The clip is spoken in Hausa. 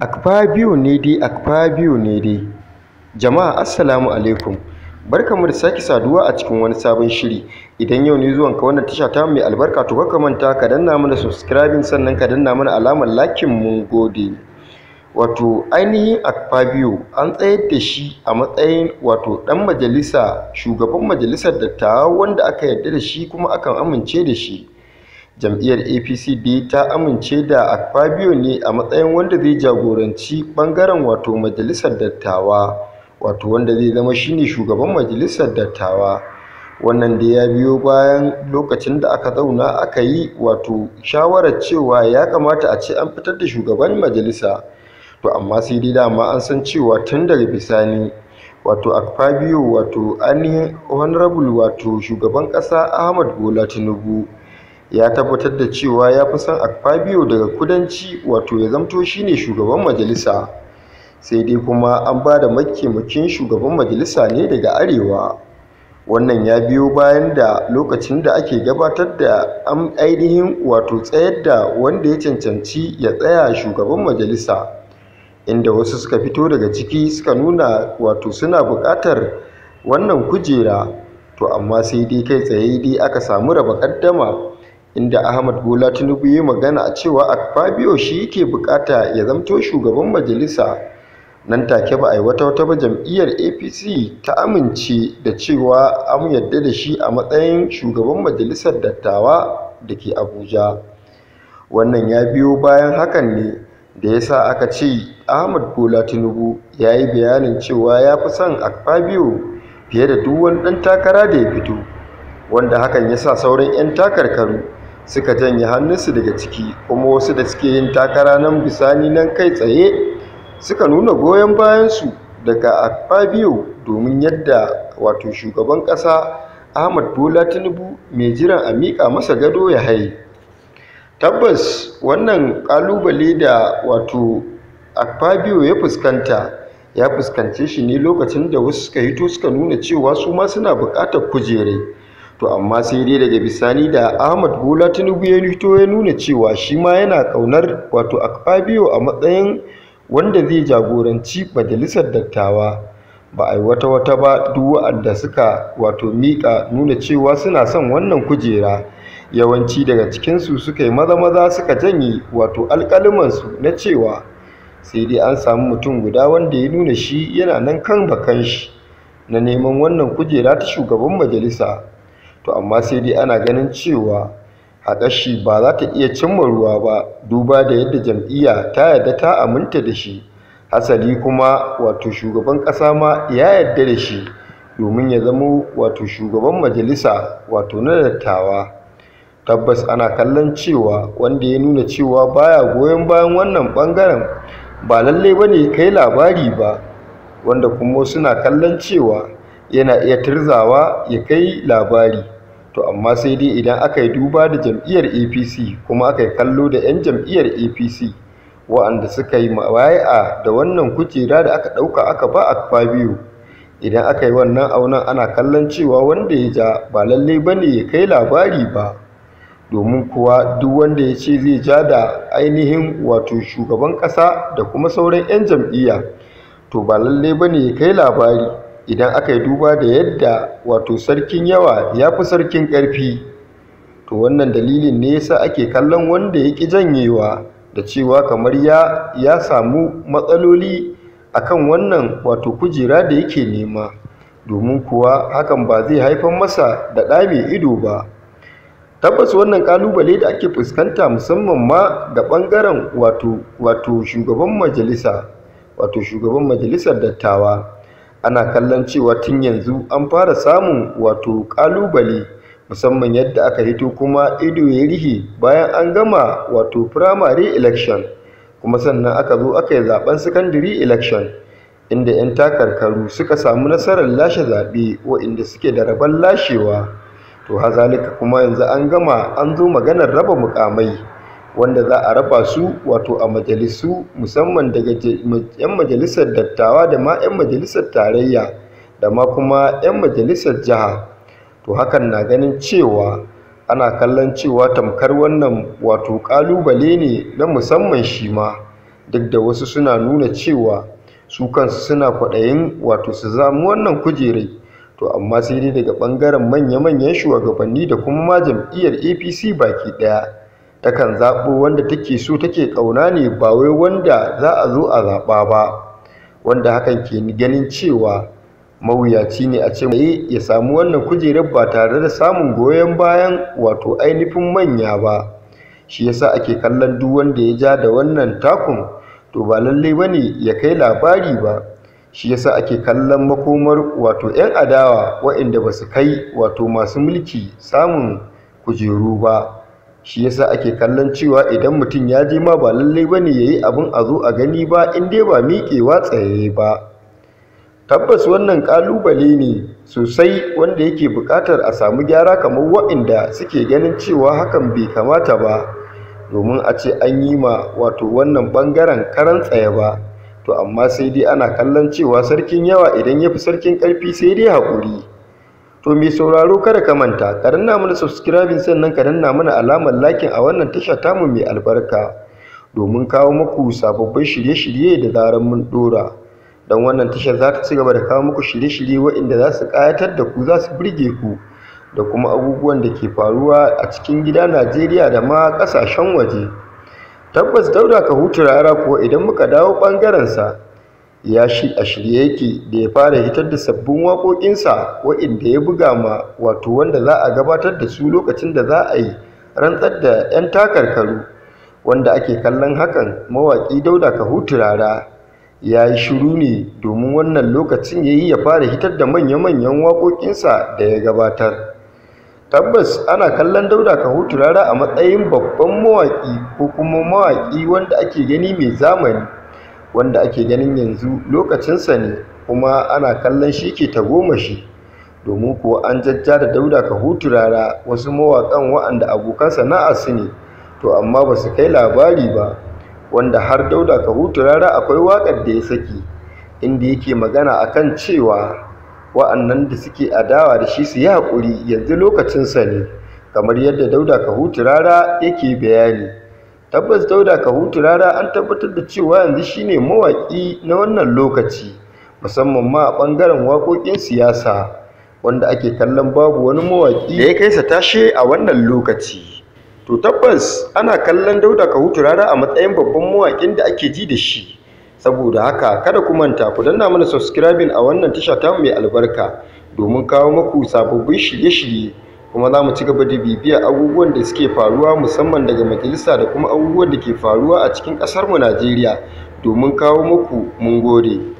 akfa biyu ne dai akfa biyu ne dai jama'a assalamu alaikum barkamu da sake saduwa a cikin wani sabon shiri idan yau ne zuwan ka wannan tasha ta mai albarka to ka manta ka danna mana subscribing sannan ka danna mana alamar lakin mu gode wato ainihin akfa biyu an tsayar da shi a matsayin wato dan majalisa shugaban majalisar dattawa wanda aka yarda da shi kuma akan amince da shi jam'iyyar apc apcd ta amince da akpabio ne a matsayin wanda zai jagoranci bangaren wato majalisar dattawa wato wanda zai zama shine shugaban majalisar dattawa wannan da ya biyo bayan lokacin da aka zauna aka yi wato shawarar cewa ya kamata a ce an fitar da shugaban majalisa to amma sai dai dama an san cewa tun daga bisani wato akpabio wato ainihin honorable wato shugaban ƙasa ahmad bola tinubu ya tabbatar da cewa ya fi son akpabio daga kudanci wato ya zamto shine shugaban majalisa sai dai kuma an ba da makemakin shugaban majalisa ne daga arewa wannan ya biyo bayan da lokacin da ake gabatar da ainihin wato tsayar da wanda ya cancanci ya tsaya shugaban majalisa inda wasu suka fito daga ciki suka nuna wato suna buƙatar wannan kujera to amma sai dai kai tsaye dai aka samu raba ƙaddama inda Ahmad Bola Tinubu ya magana a cewa akfabio shi yake bukata ya zamto shugaban majalisa nan take ba a wata wata ba jam'iyyar APC ta amince da cewa an yarda da shi a matsayin shugaban majalisar dattawa da ke Abuja wannan ya biyo bayan hakan ne da ya sa aka ce Ahmad Bola Tinubu ya yi bayanin cewa ya fi son akfabio fiye da duk wani ɗan takara da ya fito wanda hakan ya sa sauran 'yan takarkaru suka janye hannunsu daga ciki kuma wasu da suke yin takara nan bisani nan kai tsaye suka nuna goyon bayansu daga akpabio domin yadda wato shugaban ƙasa ahmad bola tinubu mai jiran a miƙa masa gado ya haye tabbas wannan ƙalubale da wato akpabio ya fuskanta ya fuskance shi ne lokacin da wasu suka hito suka nuna cewa su ma suna buƙatar kujerai to amma sai dai daga bisani da ahmad bola tinubu ya fito ya nuna cewa shi ma yana kaunar wato akpabio a matsayin wanda zai jagoranci majalisar dattawa ba a yi wata wata ba duk waɗanda suka wato miƙa nuna cewa suna son wannan kujera yawanci daga cikinsu suka yi maza maza suka janye wato alƙalimansu na cewa sai dai an samu mutum guda wanda ya nuna shi yana nan kan bakan shi na neman wannan kujera ta shugaban majalisa to amma sai dai ana ganin cewa a ƙashi ba za ta iya cimma ruwa ba duba da yadda jam'iyya ta yarda ta aminta da shi hasali kuma wato shugaban ƙasa ma ya yarda da shi domin ya zama wato shugaban majalisa wato na dattawa tabbas ana kallon cewa wanda ya nuna cewa baya goyon bayan wannan ɓangaren ba lallai ba ne kai labari ba wanda kuma suna kallon cewa yana iya tirzawa ya kai labari to amma sai dai idan aka yi duba da jam'iyyar apc kuma aka yi kallo da 'yan jam'iyyar apc wa'anda suka yi a da wannan kujera da aka ɗauka aka ba a biyu idan aka yi wannan aunan ana kallon cewa wanda ya ja ba lallai ba ne ya kai labari ba domin kuwa duk wanda ya ce zai ja da ainihin wato shugaban ƙasa da kuma sauran 'yan jam'iyya to ba lallai ba ne ya kai labari idan aka yi duba da yadda wato sarkin yawa ya fi sarkin ƙarfi to wannan dalilin ne yasa ake kallon wanda ya ƙi janyewa da cewa kamar ya ya samu matsaloli akan wannan wato kujera da yake nema domin kuwa hakan ba zai haifar masa da ɗa mai ido ba tabbas wannan ƙalubale da ake fuskanta musamman ma da ɓangaren wato wato shugaban majalisa wato shugaban majalisar dattawa ana kallon cewa tun yanzu an fara samun wato ƙalubale musamman yadda aka hito kuma ido ya rihe bayan an gama wato primary election kuma sannan aka zo aka yi zaben secondary election inda 'yan takarkaru suka samu nasarar lashe zaɓe waɗanda suke da rabon lashewa to hazalika kuma yanzu an gama an zo maganar raba mukamai wanda za a raba su wato a majalisu musamman daga 'yan majalisar dattawa da ma 'yan majalisar tarayya da ma kuma 'yan majalisar jiha to hakan na ganin cewa ana kallon cewa tamkar wannan wato ƙalubale ne na musamman shi ma duk da wasu suna nuna cewa su kansu suna kwaɗayin wato su zamu wannan kujerai to amma sai dai daga ɓangaren manya-manyan shugabanni da kuma jam'iyyar apc baki ɗaya takan zaɓo wanda take so take ƙauna ne ba wai wanda za a zo a zaɓa ba wanda hakan ke ganin cewa mawuyaci ne a ce mai ya samu wannan kujerar ba tare da samun goyon bayan wato ainihin manya ba shi yasa ake kallon duk wanda ya ja da wannan takun to ba lallai ne ya kai labari ba shi yasa ake kallon makomar wato 'yan adawa wa'inda ba su kai wato masu mulki samun kujeru ba shi yasa ake kallon cewa idan mutum ya je ma ba lallai ba ne ya yi abin a zo a gani ba in dai ba miƙewa tsaye ba tabbas wannan ƙalubale ne sosai wanda yake buƙatar a samu gyara kamar waɗanda suke ganin cewa hakan bai kamata ba domin a ce an yi ma wato wannan ɓangaren karan tsaye ba to amma sai dai ana kallon cewa sarkin yawa idan ya fi sarkin ƙarfi sai dai haƙuri To mai sauraro kada ka manta, ka danna mana subscribing sannan ka danna mana alamar lakin a wannan tasha tamu mai albarka domin kawo muku sababbin shirye-shirye da zarar mun dora. Don wannan tashar za ta ci gaba da kawo muku shirye-shirye waɗanda za su ƙayatar da ku za su burge ku da kuma abubuwan da ke faruwa a cikin gida Najeriya da ma ƙasashen waje. Tabbas Dauda ka hutu Rara kuwa idan muka dawo ɓangarensa ya shi a shirye yake da ya fara hitar da sabbin waƙoƙinsa waɗanda ya buga ma wato wanda za a gabatar da su lokacin da za a yi rantsar da 'yan takarkaru wanda ake kallon hakan mawaƙi dauda kahutu rara ya yi shiru ne domin wannan lokacin ya yi ya fara hitar da manya-manyan waƙoƙinsa da ya gabatar tabbas ana kallon dauda kahutu rara a matsayin babban mawaƙi ko kuma mawaƙi wanda ake gani mai zamani wanda ake ganin yanzu lokacinsa ne kuma ana kallon shi ke shi, domin kuwa an jajja da dauda ka rara wasu mawaƙan wa'anda abokan sana'a su ne to amma ba su kai labari ba wanda har dauda ka rara akwai waƙar da ya saki inda yake magana akan cewa wa'annan da suke adawa da shi su yi haƙuri yanzu lokacinsa ne kamar yadda dauda ka rara yake bayani tabbas dauda ka hutu rara an tabbatar da cewa yanzu shine mawaƙi na wannan lokaci musamman ma a ɓangaren waƙoƙin siyasa wanda ake kallon babu wani mawaƙi da ya kai sa tashe a wannan lokaci to tabbas ana kallon dauda ka hutu rara a matsayin babban mawaƙin da ake ji da shi saboda haka kada ku manta ku danna mana subscribing a wannan tasha ta mai albarka domin kawo muku sababbin shirye-shirye kuma za mu ci gaba da bibiya abubuwan da suke faruwa musamman daga majalisa da kuma abubuwan da ke faruwa a cikin ƙasarmu Najeriya domin kawo muku mun gode.